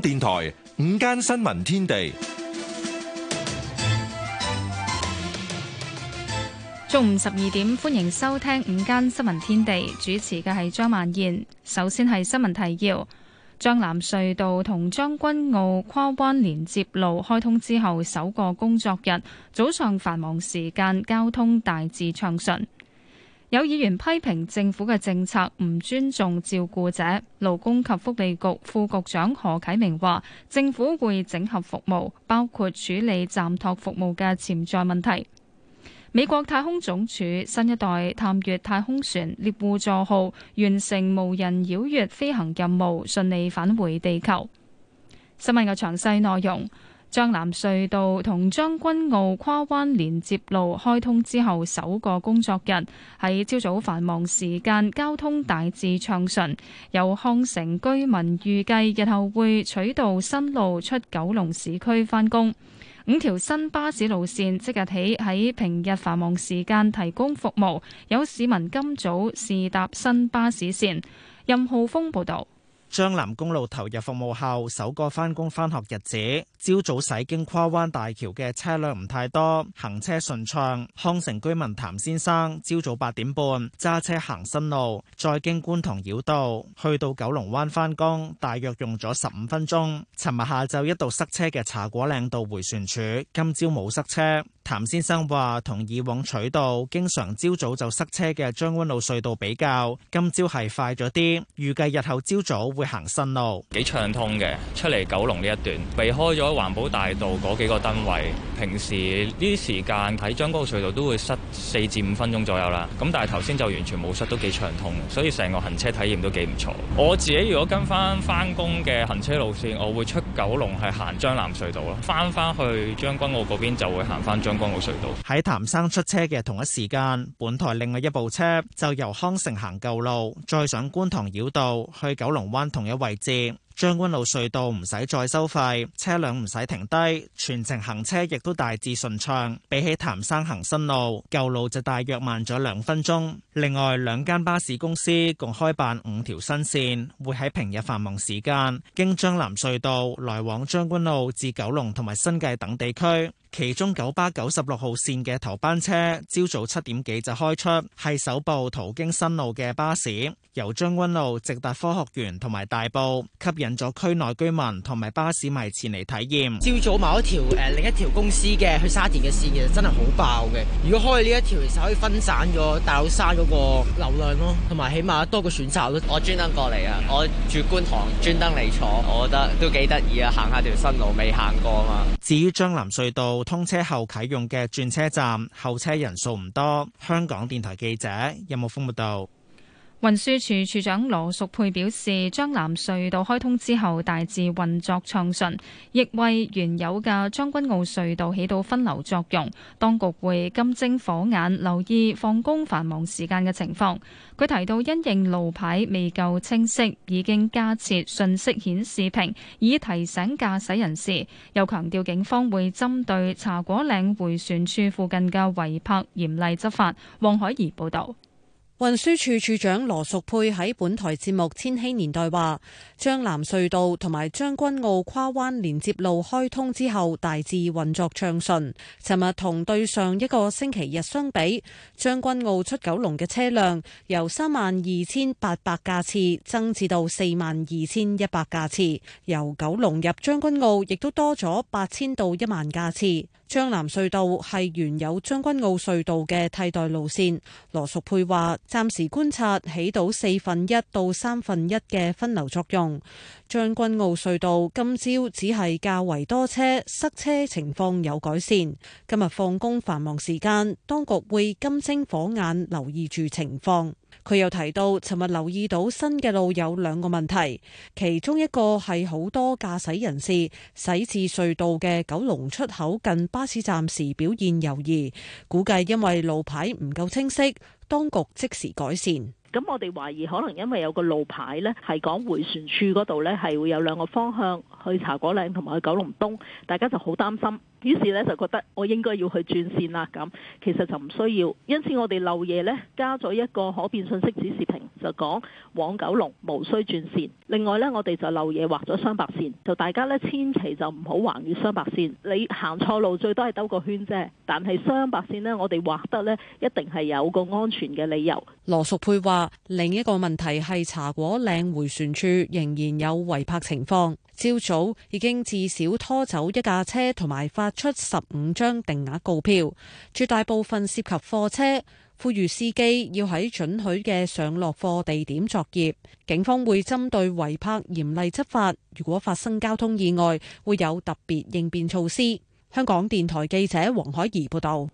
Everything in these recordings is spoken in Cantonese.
電台午間新聞天地，中午十二點，歡迎收聽午間新聞天地，主持嘅係張曼燕。首先係新聞提要：將藍隧道同將軍澳跨灣連接路開通之後，首個工作日早上繁忙時間交通大致暢順。有議員批評政府嘅政策唔尊重照顧者。勞工及福利局副局長何啟明話，政府會整合服務，包括處理暫托服務嘅潛在問題。美國太空總署新一代探月太空船獵戶座號完成無人繞月飛行任務，順利返回地球。新聞嘅詳細內容。將藍隧道同將軍澳跨灣連接路開通之後，首個工作日喺朝早繁忙時間，交通大致暢順。有康城居民預計日後會取道新路出九龍市區返工。五條新巴士路綫即日起喺平日繁忙時間提供服務。有市民今早試搭新巴士綫。任浩峰報道。將藍公路投入服務後，首個返工返學日子。朝早駛經跨灣大橋嘅車輛唔太多，行車順暢。康城居民譚先生朝早八點半揸車行新路，再經觀塘繞道去到九龍灣返工，大約用咗十五分鐘。尋日下晝一度塞車嘅茶果嶺道回旋處，今朝冇塞車。譚先生話，同以往取道經常朝早就塞車嘅將軍澳隧道比較，今朝係快咗啲。預計日後朝早會行新路，幾暢通嘅。出嚟九龍呢一段避開咗。環保大道嗰幾個燈位，平時呢啲時間睇將軍澳隧道都會塞四至五分鐘左右啦。咁但係頭先就完全冇塞，都幾暢通，所以成個行車體驗都幾唔錯。我自己如果跟翻翻工嘅行車路線，我會出九龍係行將藍隧道咯，翻翻去將軍澳嗰邊就會行翻將軍澳隧道。喺譚生出車嘅同一時間，本台另外一部車就由康城行舊路，再上觀塘繞道去九龍灣同一位置。將軍澳隧道唔使再收費，車輛唔使停低，全程行車亦都大致順暢。比起潭山行新路，舊路就大約慢咗兩分鐘。另外，兩間巴士公司共開辦五條新線，會喺平日繁忙時間經將藍隧道來往將軍澳至九龍同埋新界等地區。其中九巴九十六號線嘅頭班車朝早七點幾就開出，係首部途經新路嘅巴士，由將軍路直達科學園同埋大埔，吸引咗區內居民同埋巴士迷前嚟體驗。朝早某一條誒、呃，另一條公司嘅去沙田嘅線的其實真係好爆嘅。如果開呢一條，其實可以分散咗大老山嗰個流量咯，同埋起碼多個選擇咯。我專登過嚟啊，我住觀塘，專登嚟坐，我覺得都幾得意啊，行下條新路未行過啊嘛。至於將藍隧道。通車後啟用嘅轉車站，候車人數唔多。香港電台記者任木峰報道。運輸處處長羅淑佩表示，將藍隧道開通之後，大致運作暢順，亦為原有嘅將軍澳隧道起到分流作用。當局會金睛火眼留意放工繁忙時間嘅情況。佢提到，因應路牌未夠清晰，已經加設信息顯示屏，以提醒駕駛人士。又強調，警方會針對茶果嶺迴旋處附近嘅違泊嚴厲執法。黃海怡報道。運輸處處長羅淑佩喺本台節目《千禧年代》話，將南隧道同埋將軍澳跨灣連接路開通之後，大致運作暢順。尋日同對上一個星期日相比，將軍澳出九龍嘅車輛由三萬二千八百架次增至到四萬二千一百架次，由九龍入將軍澳亦都多咗八千到一萬架次。將藍隧道係原有將軍澳隧道嘅替代路線。羅淑佩話，暫時觀察起到四分一到三分一嘅分流作用。將軍澳隧道今朝只係較為多車，塞車情況有改善。今日放工繁忙時間，當局會金睛火眼留意住情況。佢又提到，尋日留意到新嘅路有兩個問題，其中一個係好多駕駛人士駛至隧道嘅九龍出口近巴士站時表現猶豫，估計因為路牌唔夠清晰。當局即時改善，咁我哋懷疑可能因為有個路牌呢，係講回旋處嗰度呢，係會有兩個方向去茶果嶺同埋去九龍東，大家就好擔心，於是呢，就覺得我應該要去轉線啦。咁其實就唔需要，因此我哋漏夜呢，加咗一個可變信息指示屏，就講往九龍無需轉線。另外呢，我哋就漏夜畫咗雙白線，就大家呢，千祈就唔好橫越雙白線。你行錯路最多係兜個圈啫，但係雙白線呢，我哋畫得呢，一定係有個安全嘅理由。羅淑佩話，另一個問題係茶果嶺回旋處仍然有違泊情況，朝早已經至少拖走一架車同埋發出十五張定額告票，絕大部分涉及貨車，呼籲司機要喺准許嘅上落貨地點作業。警方會針對違泊嚴厲執法，如果發生交通意外，會有特別應變措施。香港電台記者黃海怡報道。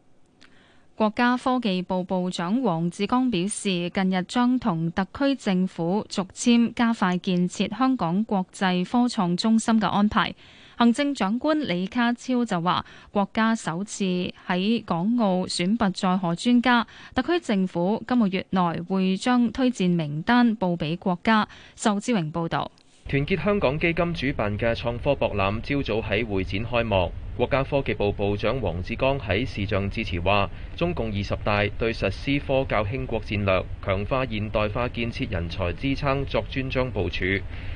國家科技部部長王志剛表示，近日將同特區政府續簽加快建設香港國際科創中心嘅安排。行政長官李家超就話，國家首次喺港澳選拔載荷專家，特區政府今個月內會將推薦名單報俾國家。仇志榮報道。團結香港基金主辦嘅創科博覽，朝早喺會展開幕。國家科技部部長王志剛喺視像致辭話：中共二十大對實施科教興國戰略、強化現代化建設人才支撐作專章部署，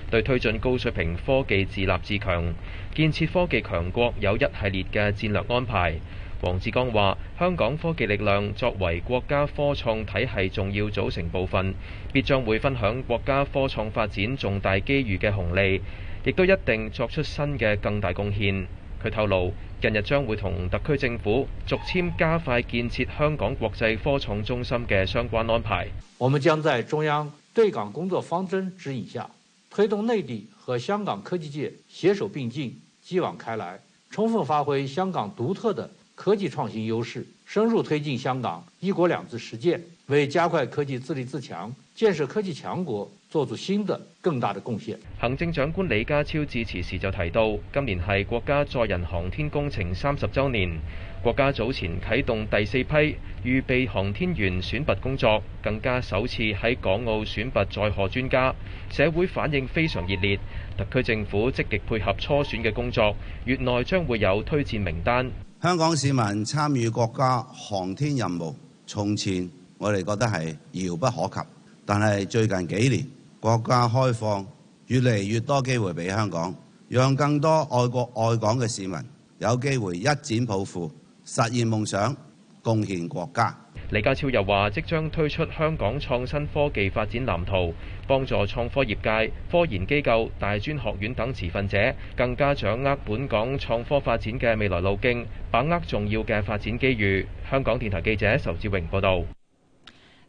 對推進高水平科技自立自強、建設科技強國有一系列嘅戰略安排。王志剛話：香港科技力量作為國家科創體系重要組成部分，必將會分享國家科創發展重大機遇嘅紅利，亦都一定作出新嘅更大貢獻。佢透露，近日將會同特區政府續簽加快建設香港國際科創中心嘅相關安排。我們將在中央對港工作方針指引下，推動內地和香港科技界攜手並進、繼往開來，充分發揮香港獨特的科技創新優勢，深入推進香港一國兩制實踐，為加快科技自立自強、建設科技強國，作出新的更大的貢獻。行政長官李家超致辭時就提到，今年係國家載人航天工程三十周年，國家早前啟動第四批預備航天員選拔工作，更加首次喺港澳選拔載荷專家，社會反應非常熱烈。特區政府積極配合初選嘅工作，月內將會有推薦名單。香港市民參與國家航天任務，從前我哋覺得係遙不可及，但係最近幾年國家開放，越嚟越多機會俾香港，讓更多愛國愛港嘅市民有機會一展抱負，實現夢想，貢獻國家。李家超又話，即將推出香港創新科技發展藍圖，幫助創科業界、科研機構、大專學院等持份者更加掌握本港創科發展嘅未來路徑，把握重要嘅發展機遇。香港電台記者仇志榮報道：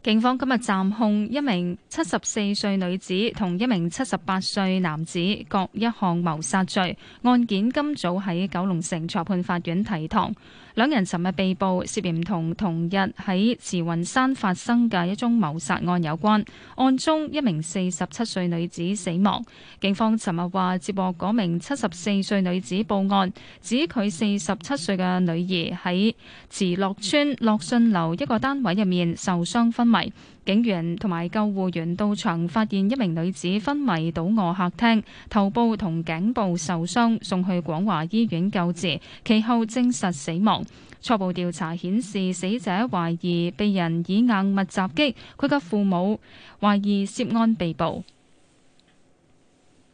警方今日暫控一名七十四歲女子同一名七十八歲男子各一項謀殺罪，案件今早喺九龍城裁判法院提堂。兩人尋日被捕，涉嫌同同日喺慈雲山發生嘅一宗謀殺案有關。案中一名四十七歲女子死亡。警方尋日話接獲嗰名七十四歲女子報案，指佢四十七歲嘅女兒喺慈樂邨樂信樓一個單位入面受傷昏迷。警員同埋救護員到場，發現一名女子昏迷倒卧客廳，頭部同頸部受傷，送去廣華醫院救治，其後證實死亡。初步調查顯示，死者懷疑被人以硬物襲擊，佢嘅父母懷疑涉案被捕。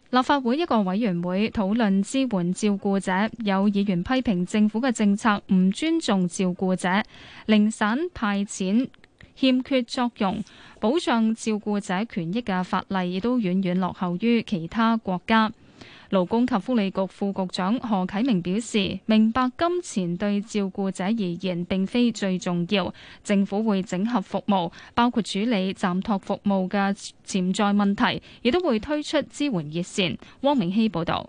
立法會一個委員會討論支援照顧者，有議員批評政府嘅政策唔尊重照顧者，零散派錢。欠缺，作用保障照顧者權益嘅法例亦都遠遠落後於其他國家。勞工及福利局副局長何啟明表示，明白金錢對照顧者而言並非最重要，政府會整合服務，包括處理暫托服務嘅潛在問題，亦都會推出支援熱線。汪明希報道。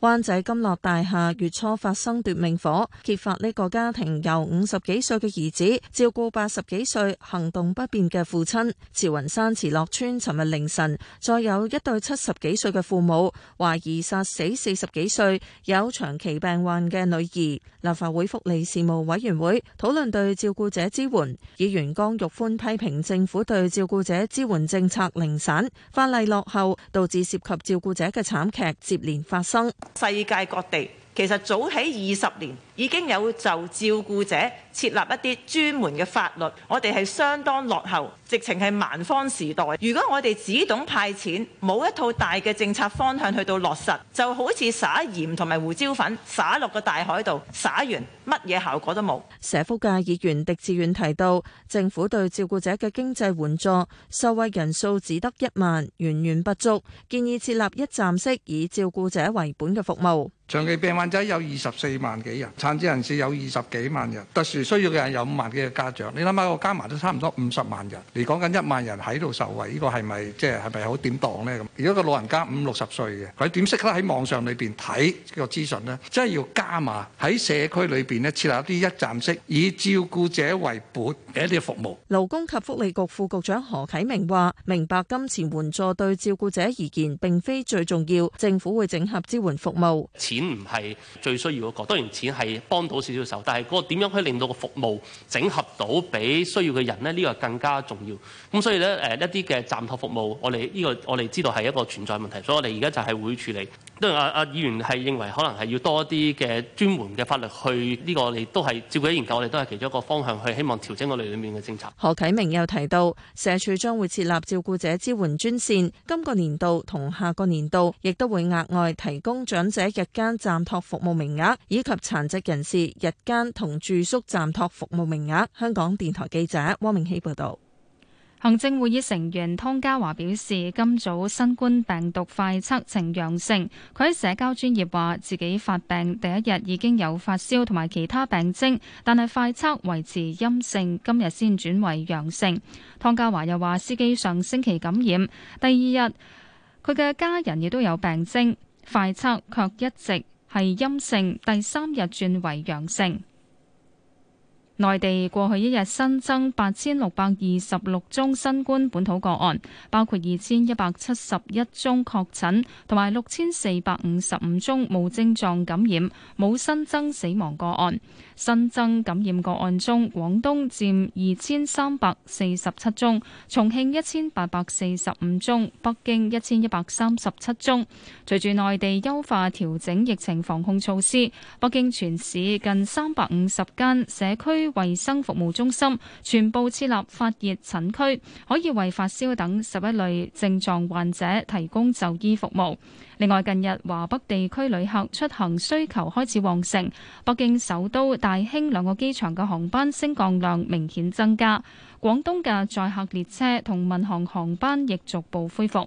灣仔金樂大廈月初發生奪命火，揭發呢個家庭由五十幾歲嘅兒子照顧八十幾歲行動不便嘅父親。慈雲山慈樂村尋日凌晨，再有一對七十幾歲嘅父母懷疑殺死四十幾歲有長期病患嘅女兒。立法會福利事務委員會討論對照顧者支援，議員江玉歡批評政府對照顧者支援政策零散，法例落後，導致涉及照顧者嘅慘劇接連發生。世界各地其實早起二十年，已經有就照顧者設立一啲專門嘅法律，我哋係相當落後，直情係蠻荒時代。如果我哋只懂派錢，冇一套大嘅政策方向去到落實，就好似撒鹽同埋胡椒粉撒落個大海度，撒完乜嘢效果都冇。社福界議員狄志遠提到，政府對照顧者嘅經濟援助受惠人數只得一萬，遠遠不足，建議設立一站式以照顧者為本嘅服務。長期病患者有二十四萬幾人。殘疾人士有二十幾萬人，特殊需要嘅人有五萬嘅家長，你諗下，我加埋都差唔多五十萬人。你講緊一萬人喺度受惠，呢個係咪即係係咪好點當呢？咁如果個老人家五六十歲嘅，佢點識得喺網上裏邊睇個資訊呢？真係要加碼喺社區裏邊呢，設立一啲一站式，以照顧者為本嘅一啲服務。勞工及福利局副局長何啟明話：明白金錢援助對照顧者而言並非最重要，政府會整合支援服務。錢唔係最需要嗰個，當然錢係。幫到少少手，但係個點樣可以令到個服務整合到俾需要嘅人呢？呢個更加重要。咁所以咧，誒一啲嘅暫託服務，我哋呢個我哋知道係一個存在問題，所以我哋而家就係會處理。都係阿阿議員係認為可能係要多啲嘅專門嘅法律去呢個，我哋都係照顧研究，我哋都係其中一個方向去希望調整我哋裡面嘅政策。何啟明又提到，社署將會設立照顧者支援專線，今個年度同下個年度亦都會額外提供長者日間暫託服務名額，以及殘疾人士日間同住宿暫託服務名額。香港電台記者汪明希報道。行政會議成員湯家驊表示，今早新冠病毒快測呈陽性。佢喺社交專業話自己發病第一日已經有發燒同埋其他病徵，但係快測維持陰性，今日先轉為陽性。湯家驊又話司機上星期感染，第二日佢嘅家人亦都有病徵，快測卻一直。係陰性，第三日轉為陽性。內地過去一日新增八千六百二十六宗新冠本土個案，包括二千一百七十一宗確診，同埋六千四百五十五宗無症狀感染，冇新增死亡個案。新增感染個案中，廣東佔二千三百四十七宗，重慶一千八百四十五宗，北京一千一百三十七宗。隨住內地優化調整疫情防控措施，北京全市近三百五十間社區。衛生服務中心全部設立發熱診區，可以為發燒等十一類症狀患者提供就醫服務。另外，近日華北地區旅客出行需求開始旺盛，北京首都、大興兩個機場嘅航班升降量明顯增加。廣東嘅載客列車同民航航班亦逐步恢復。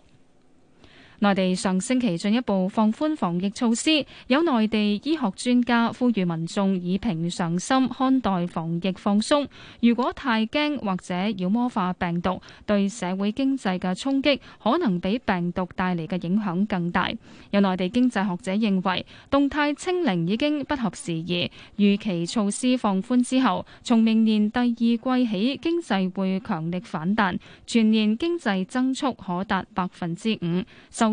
內地上星期進一步放寬防疫措施，有內地醫學專家呼籲民眾以平常心看待防疫放鬆。如果太驚或者妖魔化病毒，對社會經濟嘅衝擊可能比病毒帶嚟嘅影響更大。有內地經濟學者認為，動態清零已經不合時宜。預期措施放寬之後，從明年第二季起經濟會強力反彈，全年經濟增速可達百分之五。受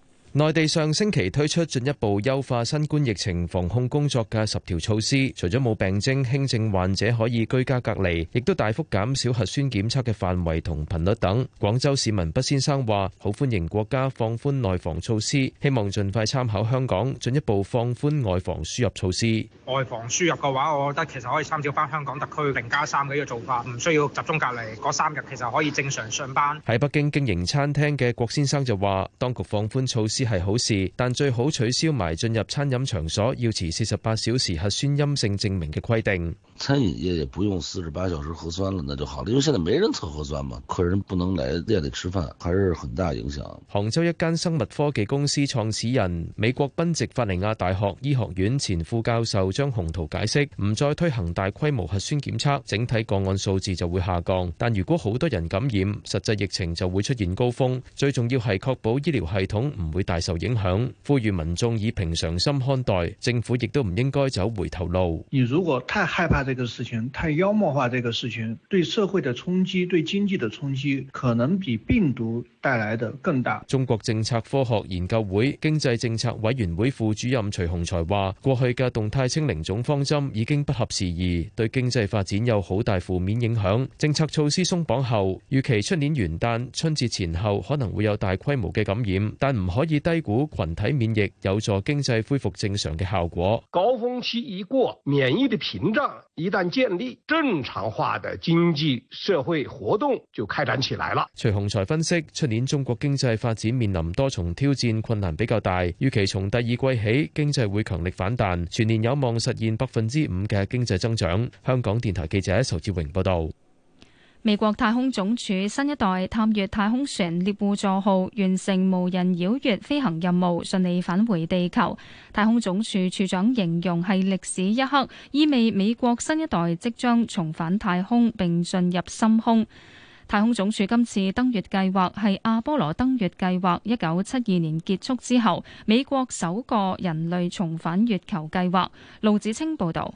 內地上星期推出進一步優化新冠疫情防控工作嘅十條措施，除咗冇病徵輕症患者可以居家隔離，亦都大幅減少核酸檢測嘅範圍同頻率等。廣州市民畢先生話：好歡迎國家放寬內防措施，希望盡快參考香港進一步放寬外防輸入措施。外防輸入嘅話，我覺得其實可以參照翻香港特區零加三嘅呢個做法，唔需要集中隔離，嗰三日其實可以正常上班。喺北京經營餐廳嘅郭先生就話：當局放寬措施。係好事，但最好取消埋進入餐飲場所要持四十八小時核酸陰性證明嘅規定。餐飲業也不用四十八小時核酸了，那就好了，因為現在沒人測核酸嘛。客人不能來店裏吃飯，還是很大影響。杭州一間生物科技公司創始人、美國賓夕法尼亞大學醫學院前副教授張洪圖解釋：唔再推行大規模核酸檢測，整體個案數字就會下降。但如果好多人感染，實際疫情就會出現高峰。最重要係確保醫療系統唔會。大受影響，呼籲民眾以平常心看待，政府亦都唔應該走回頭路。你如果太害怕這個事情，太妖魔化這個事情，對社會的衝擊、對經濟的衝擊，可能比病毒帶來更大。中國政策科學研究會經濟政策委員會副主任徐洪才話，過去嘅動態清零總方針已經不合時宜，對經濟發展有好大負面影響。政策措施鬆綁後，預期出年元旦、春節前後可能會有大規模嘅感染，但唔可以低估群體免疫有助經濟恢復正常嘅效果。高峰期一過，免疫的屏障，一旦建立，正常化的經濟社會活動就開展起來了。徐洪才分析，出年中國經濟發展面臨多重挑戰，困難比較大，預期從第二季起經濟會強力反彈，全年有望實現百分之五嘅經濟增長。香港電台記者仇志榮報道。美國太空總署新一代探月太空船獵戶座號完成無人繞月飛行任務，順利返回地球。太空總署署長形容係歷史一刻，意味美國新一代即將重返太空並進入深空。太空總署今次登月計劃係阿波羅登月計劃一九七二年結束之後，美國首個人類重返月球計劃。路子清報道。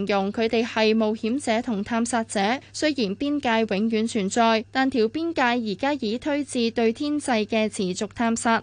形容佢哋係冒險者同探索者，雖然邊界永遠存在，但條邊界而家已推至對天際嘅持續探索。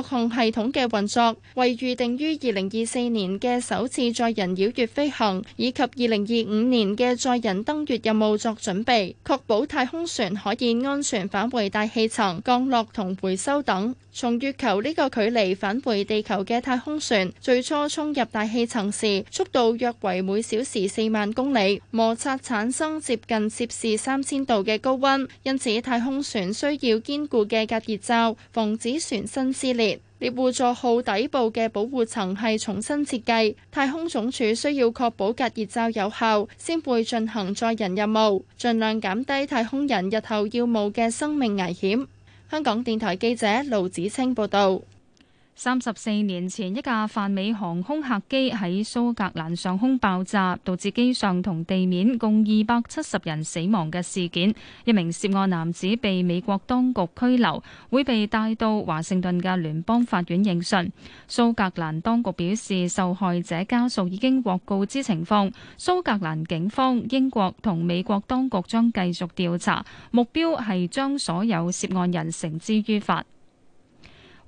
陸控系統嘅運作，為預定於二零二四年嘅首次載人繞月飛行，以及二零二五年嘅載人登月任務作準備，確保太空船可以安全返回大氣層、降落同回收等。從月球呢個距離返回地球嘅太空船，最初衝入大氣層時，速度約為每小時四萬公里，摩擦產生接近攝氏三千度嘅高温，因此太空船需要堅固嘅隔熱罩，防止船身撕裂。獵戶座號底部嘅保護層係重新設計。太空總署需要確保隔熱罩有效，先會進行載人任務，盡量減低太空人日後要冒嘅生命危險。香港電台記者盧子清報道。三十四年前，一架泛美航空客機喺蘇格蘭上空爆炸，導致機上同地面共二百七十人死亡嘅事件。一名涉案男子被美國當局拘留，會被帶到華盛頓嘅聯邦法院認訊。蘇格蘭當局表示，受害者家屬已經獲告知情況，蘇格蘭警方、英國同美國當局將繼續調查，目標係將所有涉案人繩之於法。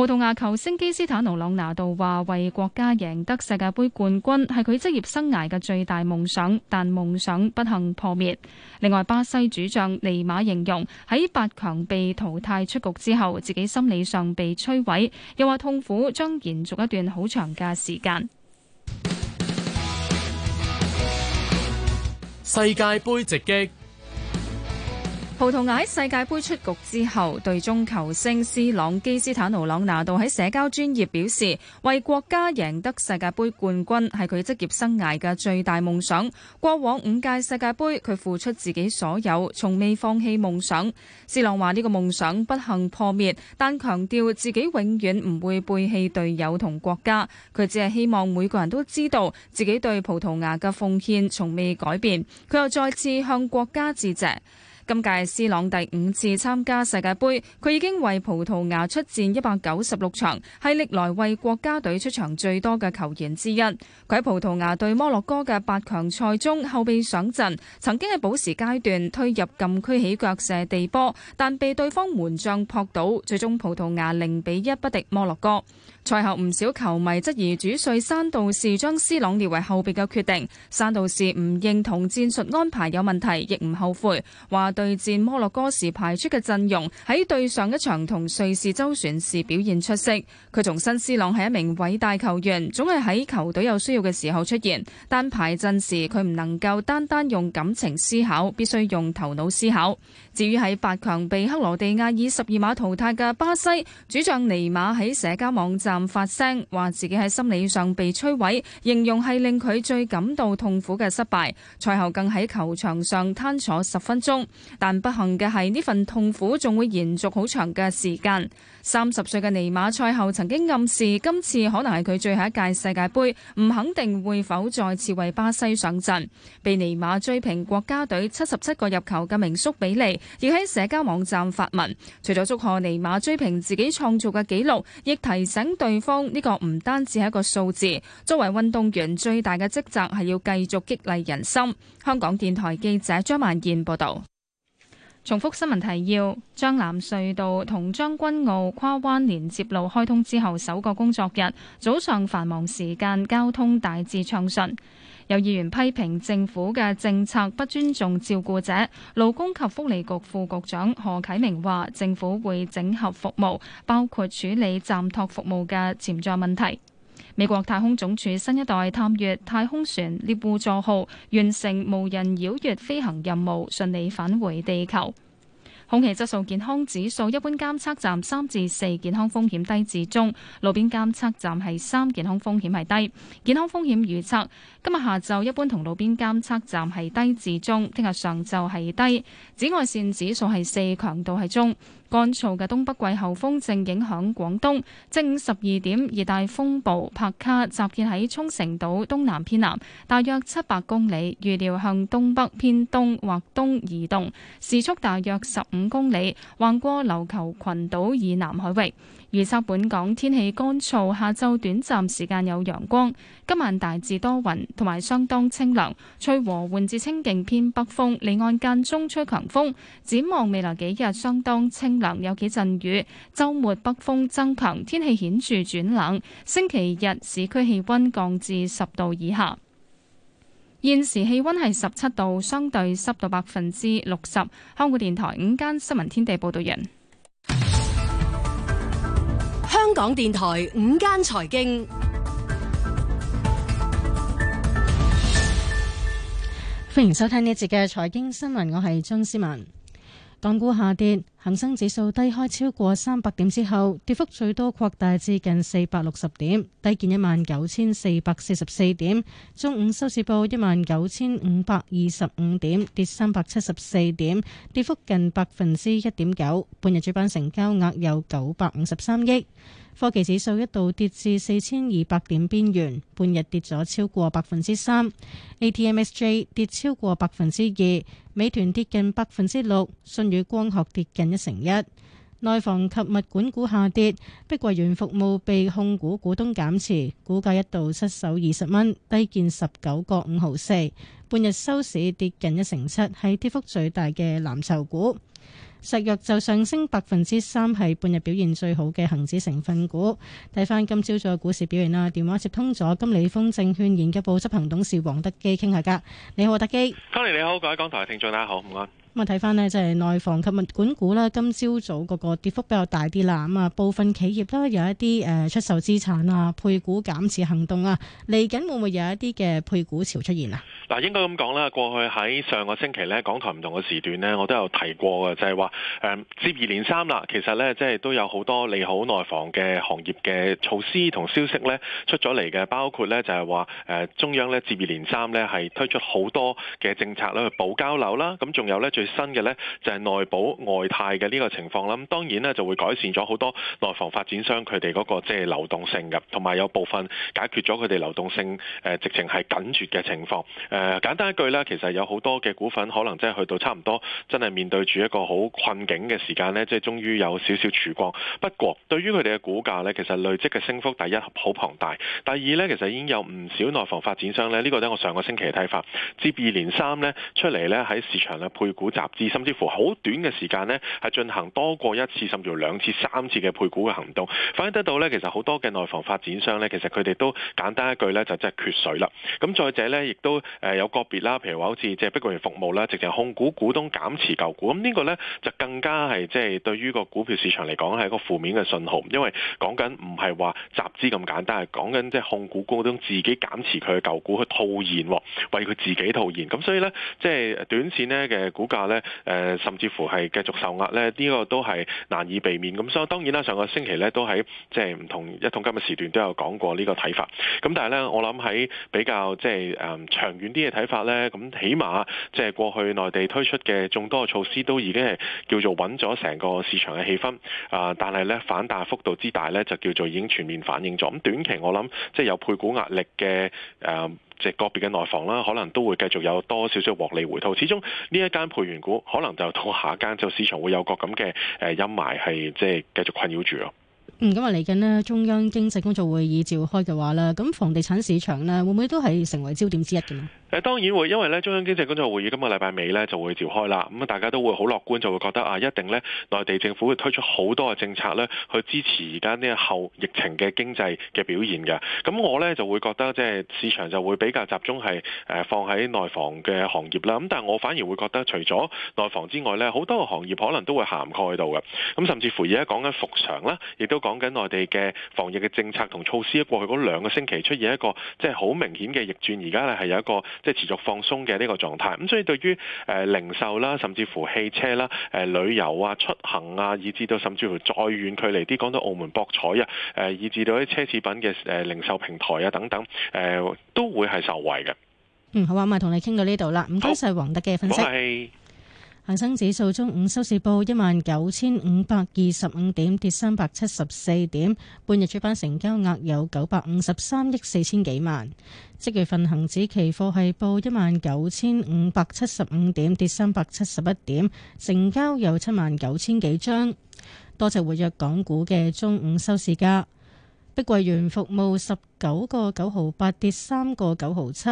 葡萄牙球星基斯坦奴朗拿度話：為國家贏得世界杯冠軍係佢職業生涯嘅最大夢想，但夢想不幸破滅。另外，巴西主將尼馬形容喺八強被淘汰出局之後，自己心理上被摧毀，又話痛苦將延續一段好長嘅時間。世界杯直擊。葡萄牙喺世界杯出局之後，隊中球星斯朗基斯坦奴朗拿度喺社交專頁表示，為國家贏得世界杯冠軍係佢職業生涯嘅最大夢想。過往五屆世界杯，佢付出自己所有，從未放棄夢想。斯朗話呢個夢想不幸破滅，但強調自己永遠唔會背棄隊友同國家。佢只係希望每個人都知道自己對葡萄牙嘅奉獻從未改變。佢又再次向國家致謝。今屆斯朗第五次參加世界杯，佢已經為葡萄牙出戰一百九十六場，係歷來為國家隊出場最多嘅球員之一。佢喺葡萄牙對摩洛哥嘅八強賽中後備上陣，曾經喺補時階段推入禁區起腳射地波，但被對方門將撲倒，最終葡萄牙零比一不敵摩洛哥。賽後唔少球迷質疑主帥山道士將斯朗列為後備嘅決定，山道士唔認同戰術安排有問題，亦唔後悔。話對戰摩洛哥時排出嘅陣容喺對上一場同瑞士周旋時表現出色。佢重申斯朗係一名偉大球員，總係喺球隊有需要嘅時候出現。單排陣時佢唔能夠單單用感情思考，必須用頭腦思考。至於喺八強被克羅地亞以十二碼淘汰嘅巴西主將尼馬喺社交網站。但發聲，話自己喺心理上被摧毀，形容係令佢最感到痛苦嘅失敗。賽後更喺球場上攤坐十分鐘，但不幸嘅係，呢份痛苦仲會延續好長嘅時間。三十歲嘅尼馬賽後曾經暗示今次可能係佢最後一屆世界盃，唔肯定會否再次為巴西上陣。被尼馬追平國家隊七十七個入球嘅名宿比利，亦喺社交網站發文，除咗祝賀尼馬追平自己創造嘅紀錄，亦提醒對方呢個唔單止係一個數字，作為運動員最大嘅職責係要繼續激勵人心。香港電台記者張曼燕報道。重複新聞提要：將藍隧道同將軍澳跨灣連接路開通之後首個工作日早上繁忙時間，交通大致暢順。有議員批評政府嘅政策不尊重照顧者。勞工及福利局副局長何啟明話，政府會整合服務，包括處理暫託服務嘅潛在問題。美國太空總署新一代探月太空船獵戶座號完成無人繞月飛行任務，順利返回地球。空氣質素健康指數一般監測站三至四，健康風險低至中；路邊監測站係三，健康風險係低。健康風險預測今日下晝一般同路邊監測站係低至中，聽日上晝係低。紫外線指數係四，強度係中。乾燥嘅東北季候風正影響廣東。正午十二點，熱帶風暴帕卡集結喺沖繩島東南偏南，大約七百公里，預料向東北偏東或東移動，時速大約十五公里，橫過琉球群島以南海域。預測本港天氣乾燥，下晝短暫時間有陽光。今晚大致多雲，同埋相當清涼，吹和緩至清勁偏北風，離岸間中吹強風。展望未來幾日相當清涼，有幾陣雨。周末北風增強，天氣顯著轉冷。星期日市區氣溫降至十度以下。現時氣溫係十七度，相對濕度百分之六十。香港電台午間新聞天地報道完。香港電台午間財經，歡迎收聽呢一節嘅財經新聞，我係張思文。港股下跌。恒生指數低開超過三百點之後，跌幅最多擴大至近四百六十點，低見一萬九千四百四十四點。中午收市報一萬九千五百二十五點，跌三百七十四點，跌幅近百分之一點九。半日主板成交額有九百五十三億。科技指數一度跌至四千二百點邊緣，半日跌咗超過百分之三，ATMSJ 跌超過百分之二，美團跌近百分之六，信宇光學跌近一成一，內房及物管股下跌，碧桂園服務被控股股東減持，股價一度失守二十蚊，低見十九個五毫四，半日收市跌近一成七，係跌幅最大嘅藍籌股。石藥就上升百分之三，係半日表現最好嘅恒指成分股。睇翻今朝早嘅股市表現啦。電話接通咗，金利豐證券研究部執行董事黃德基傾下偈。你好，德基。Tony 你好，各位港台嘅聽眾大家好，午安。咁啊，睇翻呢，就係內房及物管股啦。今朝早嗰個跌幅比較大啲啦。咁啊，部分企業啦，有一啲誒出售資產啊、配股減持行動啊，嚟緊會唔會有一啲嘅配股潮出現啊？嗱，應該咁講啦。過去喺上個星期呢，港台唔同嘅時段呢，我都有提過嘅，就係話誒接二連三啦。其實呢，即係都有好多利好內房嘅行業嘅措施同消息呢出咗嚟嘅，包括呢就係話誒中央呢，接二連三呢，係推出好多嘅政策呢去保交樓啦。咁仲有呢。最新嘅呢就係內保外貸嘅呢個情況啦。咁當然呢，就會改善咗好多內房發展商佢哋嗰個即係流動性嘅，同埋有部分解決咗佢哋流動性誒、呃、直情係緊缺嘅情況。誒、呃、簡單一句呢，其實有好多嘅股份可能即係去到差唔多真係面對住一個好困境嘅時間呢，即係終於有少少曙光。不過對於佢哋嘅股價呢，其實累積嘅升幅第一好龐大，第二呢，其實已經有唔少內房發展商呢，呢、呢個呢，我上個星期嘅睇法，接二連三呢，出嚟呢，喺市場嘅配股。集資，甚至乎好短嘅時間呢，係進行多過一次，甚至乎兩次、三次嘅配股嘅行動。反映得到呢，其實好多嘅內房發展商呢，其實佢哋都簡單一句呢，就即係缺水啦。咁再者呢，亦都誒有個別啦，譬如話好似即係碧桂園服務啦，直情控股股東減持舊股。咁呢個呢，就更加係即係對於個股票市場嚟講係一個負面嘅信號，因為講緊唔係話集資咁簡單，係講緊即係控股股東自己減持佢嘅舊股去套現，為佢自己套現。咁所以呢，即係短線呢嘅股價。話甚至乎係繼續受壓咧，呢個都係難以避免。咁所以當然啦，上個星期咧都喺即係唔同一桶金嘅時段都有講過呢個睇法。咁但係咧，我諗喺比較即係誒長遠啲嘅睇法咧，咁起碼即係過去內地推出嘅眾多嘅措施都已經係叫做穩咗成個市場嘅氣氛。啊、呃，但係咧，反彈幅度之大咧，就叫做已經全面反映咗。咁短期我諗即係有配股壓力嘅誒。呃即係個別嘅內房啦，可能都會繼續有多少少獲利回吐。始終呢一間配完股，可能就到下一間，就市場會有個咁嘅誒陰霾，係即係繼續困擾住咯。咁啊嚟緊咧，中央經濟工作會議召開嘅話啦，咁房地產市場咧，會唔會都係成為焦點之一嘅咧？誒，當然會，因為咧中央經濟工作會議今個禮拜尾咧就會召開啦。咁、嗯、啊，大家都會好樂觀，就會覺得啊，一定咧內地政府會推出好多嘅政策咧，去支持而家呢個後疫情嘅經濟嘅表現嘅。咁、嗯、我咧就會覺得，即係市場就會比較集中係誒、呃、放喺內房嘅行業啦。咁、嗯、但係我反而會覺得，除咗內房之外咧，好多嘅行業可能都會涵蓋到嘅。咁、嗯、甚至乎而家講緊復常啦，亦都講。講緊內地嘅防疫嘅政策同措施，過去嗰兩個星期出現一個即係好明顯嘅逆轉，而家咧係有一個即係持續放鬆嘅呢個狀態。咁所以對於誒零售啦，甚至乎汽車啦、誒旅遊啊、出行啊，以至到甚至乎再遠距離啲，講到澳門博彩啊，誒以至到啲奢侈品嘅誒零售平台啊等等，誒都會係受惠嘅。嗯，好啊，咪同你傾到呢度啦。唔該晒，黃德嘅分析。恒生指數中午收市報一萬九千五百二十五點，跌三百七十四點。半日主板成交額有九百五十三億四千幾萬。即月份恒指期貨係報一萬九千五百七十五點，跌三百七十一點，成交有七萬九千幾張。多隻活躍港股嘅中午收市價，碧桂園服務十九個九毫八跌三個九毫七，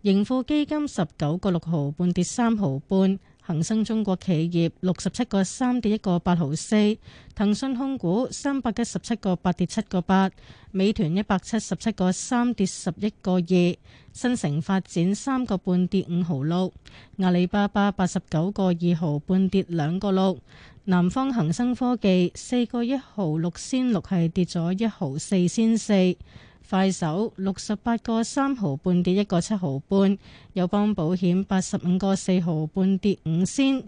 盈富基金十九個六毫半跌三毫半。恒生中國企業六十七個三跌一個八毫四，騰訊控股三百一十七個八跌七個八，美團一百七十七個三跌十一個二，新城發展三個半跌五毫六，阿里巴巴八十九個二毫半跌兩個六，南方恒生科技四個一毫六先六係跌咗一毫四先四。快手六十八個三毫半跌一個七毫半，友邦保險八十五個四毫半跌五仙。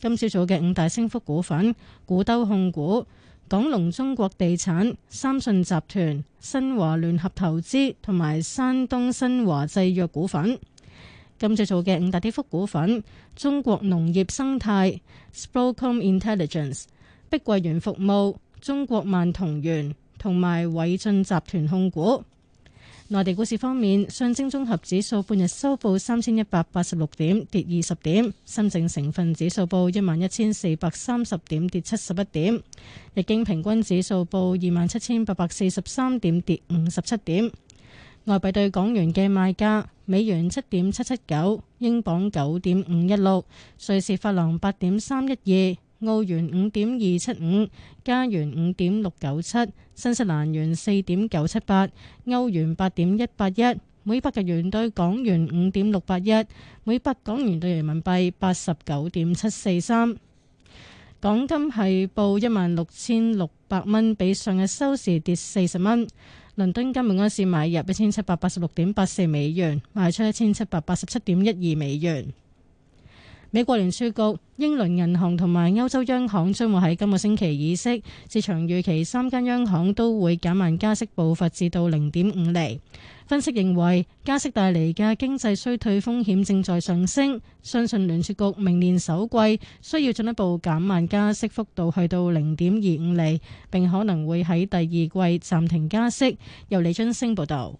今朝早嘅五大升幅股份：古兜控股、港龍中國地產、三信集團、新華聯合投資同埋山東新華製藥股份。今朝早嘅五大跌幅股份：中國農業生態、Sprocomm Intelligence、碧桂園服務、中國萬同源。同埋偉進集團控股。內地股市方面，上證綜合指數半日收報三千一百八十六點，跌二十點；深證成分指數報一萬一千四百三十點，跌七十一點；日經平均指數報二萬七千八百四十三點，跌五十七點。外幣對港元嘅賣價：美元七點七七九，英鎊九點五一六，瑞士法郎八點三一二。澳元五點二七五，加元五點六九七，新西蘭元四點九七八，歐元八點一八一，每百日元對港元五點六八一，每百港元對人民幣八十九點七四三。港金係報一萬六千六百蚊，比上日收市跌四十蚊。倫敦金每盎司買入一千七百八十六點八四美元，賣出一千七百八十七點一二美元。美國聯儲局、英倫銀行同埋歐洲央行將會喺今個星期議息，市場預期三間央行都會減慢加息步伐至到零點五厘。分析認為，加息帶嚟嘅經濟衰退風險正在上升，相信聯儲局明年首季需要進一步減慢加息幅度，去到零點二五厘，並可能會喺第二季暫停加息。由李津升報道。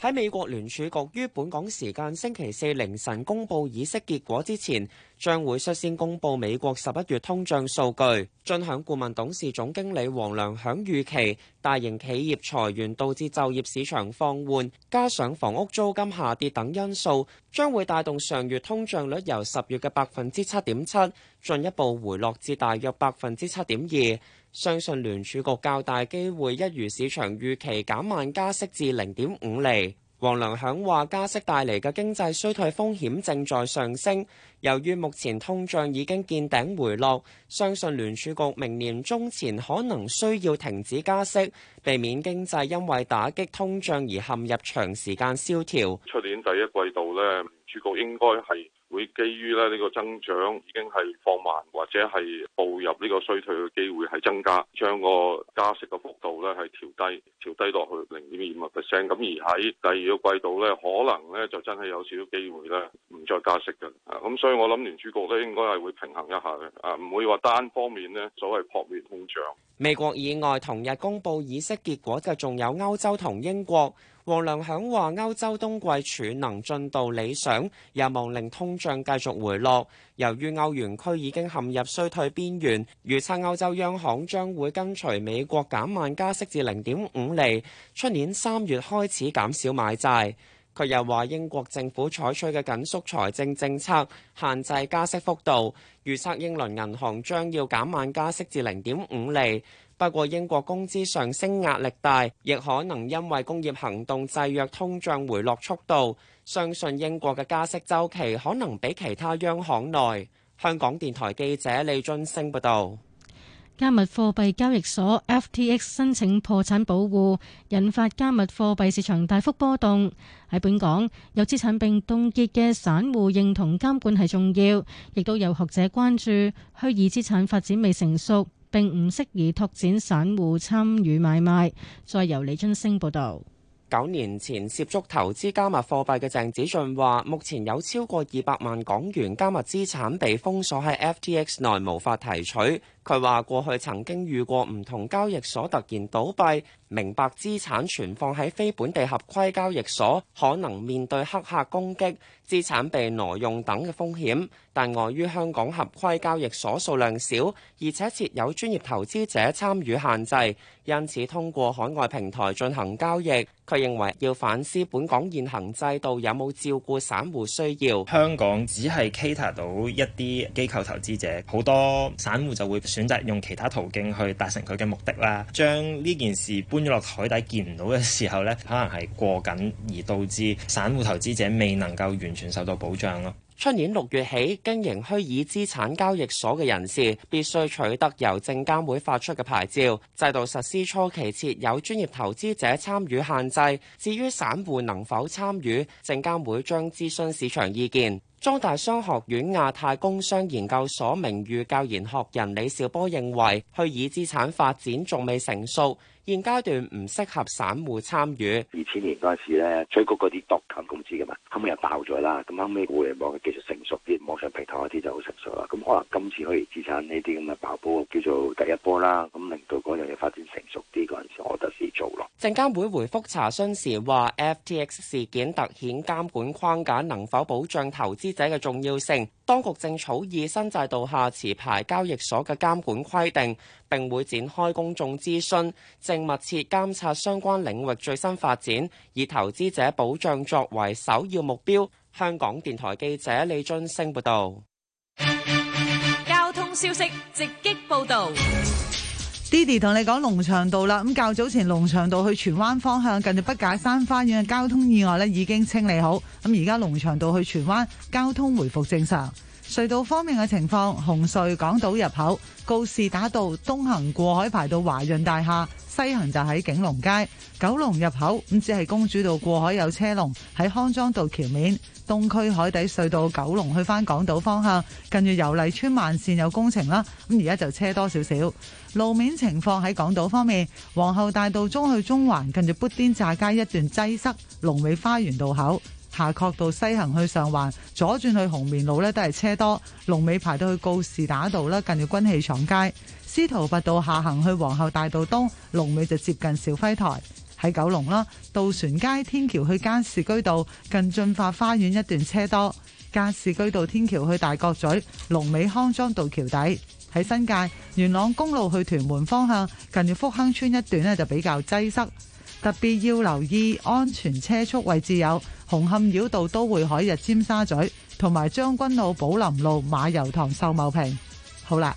喺美國聯儲局於本港時間星期四凌晨公佈議息結果之前，將會率先公佈美國十一月通脹數據。進響顧問董事總經理黃良響預期，大型企業裁員導致就業市場放緩，加上房屋租金下跌等因素，將會帶動上月通脹率由十月嘅百分之七點七進一步回落至大約百分之七點二。相信聯儲局較大機會一如市場預期減慢加息至零點五厘。黃良響話：加息帶嚟嘅經濟衰退風險正在上升，由於目前通脹已經見頂回落，相信聯儲局明年中前可能需要停止加息，避免經濟因為打擊通脹而陷入長時間蕭條。出年第一季度呢，聯儲局應該係，會基於咧呢個增長已經係放慢，或者係步入呢個衰退嘅機會係增加，將個加息嘅幅度咧係調低、調低落去零點二五個 percent。咁而喺第二個季度咧，可能咧就真係有少少機會咧唔再加息㗎。咁、啊、所以我諗聯儲局咧應該係會平衡一下嘅，啊唔會話單方面咧所謂撲滅通脹。美國以外同日公佈議息結果嘅仲有歐洲同英國。王良響話：歐洲冬季儲能進度理想，有望令通脹繼續回落。由於歐元區已經陷入衰退邊緣，預測歐洲央行將會跟隨美國減慢加息至零點五厘，出年三月開始減少買債。佢又話：英國政府採取嘅緊縮財政政策限制加息幅度，預測英倫銀行將要減慢加息至零點五厘。不過英國工資上升壓力大，亦可能因為工業行動制約通脹回落速度。相信英國嘅加息週期可能比其他央行耐。香港電台記者李津星報導。加密貨幣交易所 FTX 申請破產保護，引發加密貨幣市場大幅波動。喺本港，有資產被凍結嘅散戶認同監管係重要，亦都有學者關注虛擬資產發展未成熟，並唔適宜拓展散戶參與買賣。再由李津升報導。九年前涉足投資加密貨幣嘅鄭子俊話，目前有超過二百萬港元加密資產被封鎖喺 FTX 內，無法提取。佢話：過去曾經遇過唔同交易所突然倒閉，明白資產存放喺非本地合規交易所，可能面對黑客攻擊、資產被挪用等嘅風險。但礙於香港合規交易所數量少，而且設有專業投資者參與限制，因此通過海外平台進行交易。佢認為要反思本港現行制度有冇照顧散戶需要。香港只係 cater 到一啲機構投資者，好多散戶就會選擇用其他途徑去達成佢嘅目的啦，將呢件事搬咗落海底見唔到嘅時候呢，可能係過緊而導致散戶投資者未能夠完全受到保障咯。出年六月起，經營虛擬資產交易所嘅人士必須取得由證監會發出嘅牌照。制度實施初期設有專業投資者參與限制，至於散戶能否參與，證監會將諮詢市場意見。中大商學院亞太工商研究所名譽教研學人李兆波認為，虛擬資產發展仲未成熟。現階段唔適合散戶參與。二千年嗰陣時咧，追過嗰啲多級工資嘅嘛，後尾又爆咗啦。咁後尾互聯網嘅技術成熟啲，網上平台嗰啲就好成熟啦。咁可能今次可以支撐呢啲咁嘅爆煲叫做第一波啦。咁令到嗰樣嘢發展成熟啲嗰陣時，我得先做咯。證監會回覆查詢時話，FTX 事件凸顯監管框架能否保障投資者嘅重要性。當局正草擬新制度下持牌交易所嘅監管規定，並會展開公眾諮詢，正密切監察相關領域最新發展，以投資者保障作為首要目標。香港電台記者李俊升報道。交通消息直擊報道。Didi 同你講龍翔道啦，咁較早前龍翔道去荃灣方向近住筆架山花園嘅交通意外咧已經清理好，咁而家龍翔道去荃灣交通回復正常。隧道方面嘅情況，紅隧港島入口告士打道東行過海排到華潤大廈。西行就喺景隆街、九龍入口，咁只係公主道過海有車龍，喺康莊道橋面、東區海底隧道九龍去返港島方向，近住油麗邨慢線有工程啦，咁而家就車多少少。路面情況喺港島方面，皇后大道中去中環，近住砵甸乍街一段擠塞，龍尾花園道口，夏慤道西行去上環，左轉去紅棉路呢都係車多，龍尾排到去告士打道啦，近住軍器廠街。司徒拔道下行去皇后大道東，龍尾就接近肇輝臺。喺九龍啦，渡船街天橋去加士居道近駿發花園一段車多，加士居道天橋去大角咀龍尾康莊道橋底。喺新界元朗公路去屯門方向，近福亨村一段呢就比較擠塞，特別要留意安全車速位置有紅磡繞道都會海逸尖沙咀同埋將軍澳寶琳路馬遊塘秀茂坪，好啦。